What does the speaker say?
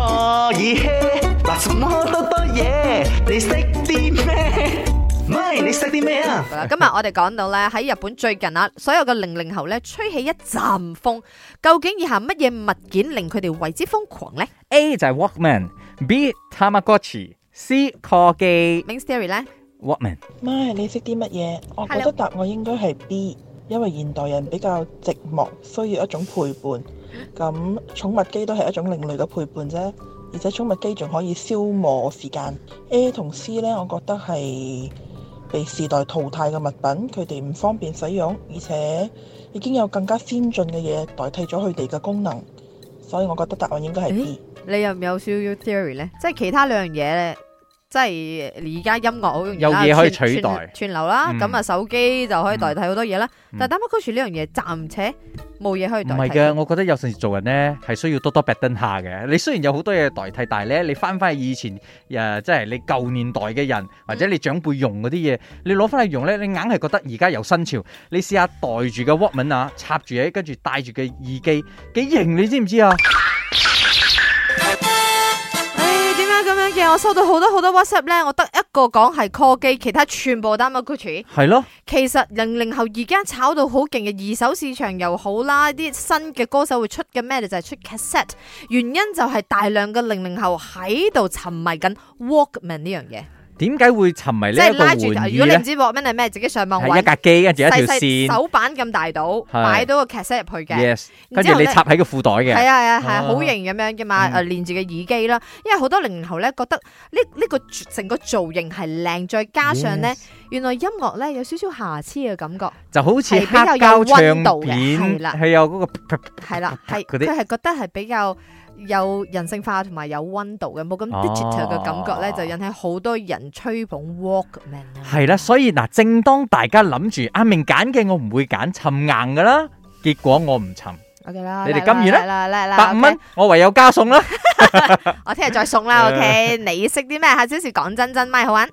多耳嗱，什麼多嘢？你識啲咩？咪你識啲咩啊？今日我哋講到咧，喺日本最近啊，所有嘅零零後咧吹起一陣風，究竟以下乜嘢物件令佢哋為之瘋狂咧？A 就係 Walkman，B Tamagotchi，C 科技。Miss Terry 咧，Walkman。咪你識啲乜嘢？我覺得答案應該係 B。Hi, 因為現代人比較寂寞，需要一種陪伴，咁寵物機都係一種另類嘅陪伴啫，而且寵物機仲可以消磨時間。A 同 C 呢，我覺得係被時代淘汰嘅物品，佢哋唔方便使用，而且已經有更加先進嘅嘢代替咗佢哋嘅功能，所以我覺得答案應該係 B。欸？你有唔有少少 theory 呢？即係其他兩樣嘢咧？即係而家音樂好容易，啊，有嘢可以取代串流啦。咁啊、嗯，手機就可以代替好多嘢啦。嗯、但係打乜歌呢樣嘢暫且冇嘢可以代替。代唔係嘅，我覺得有陣時做人咧係需要多多 back down 下嘅。你雖然有好多嘢代替，但係咧你翻翻去以前，誒、呃，即、就、係、是、你舊年代嘅人或者你長輩用嗰啲嘢，你攞翻去用咧，你硬係覺得而家有新潮。你試下袋住個 Walkman 啊，插住嘢，跟住戴住個耳機，幾型你知唔知啊？我收到好多好多 WhatsApp 咧，我得一個講係 call 機，其他全部打 microphone。係咯，其實零零後而家炒到好勁嘅二手市場又好啦，啲新嘅歌手會出嘅咩就係、是、出 cassette，原因就係大量嘅零零後喺度沉迷緊 Walkman 呢樣嘢。點解會沉迷呢即度回憶如果你唔知 Walkman 係咩，自己上網搵。一架機跟住一條線，小小手板咁大到，是擺到個 cassette 入去嘅。跟住 Yes. 你插喺個褲袋嘅。係啊係啊係，好、啊啊、型咁樣嘅嘛。誒，連住個耳機啦，因為好多零零後咧覺得呢、這、呢個成、這個這個、個造型係靚，再加上咧、嗯、原來音樂咧有少少瑕疵嘅感覺，就好似比較有温度嘅，係啦、啊，係有嗰個啪啪啪啪啪啪，係啦、啊，係佢係覺得係比較。有人性化同埋有溫度嘅，冇咁 digital 嘅感覺咧，就引起好多人吹捧 Walkman。係啦，所以嗱，正當大家諗住阿明揀嘅我唔會揀沉硬㗎啦，結果我唔沉，OK 啦，你哋今月咧係啦係啦係啦，百五蚊，我唯有加送啦，我聽日再送啦，OK？你識啲咩？下一時講真真咪好玩。